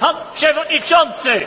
Pan Przewodniczący!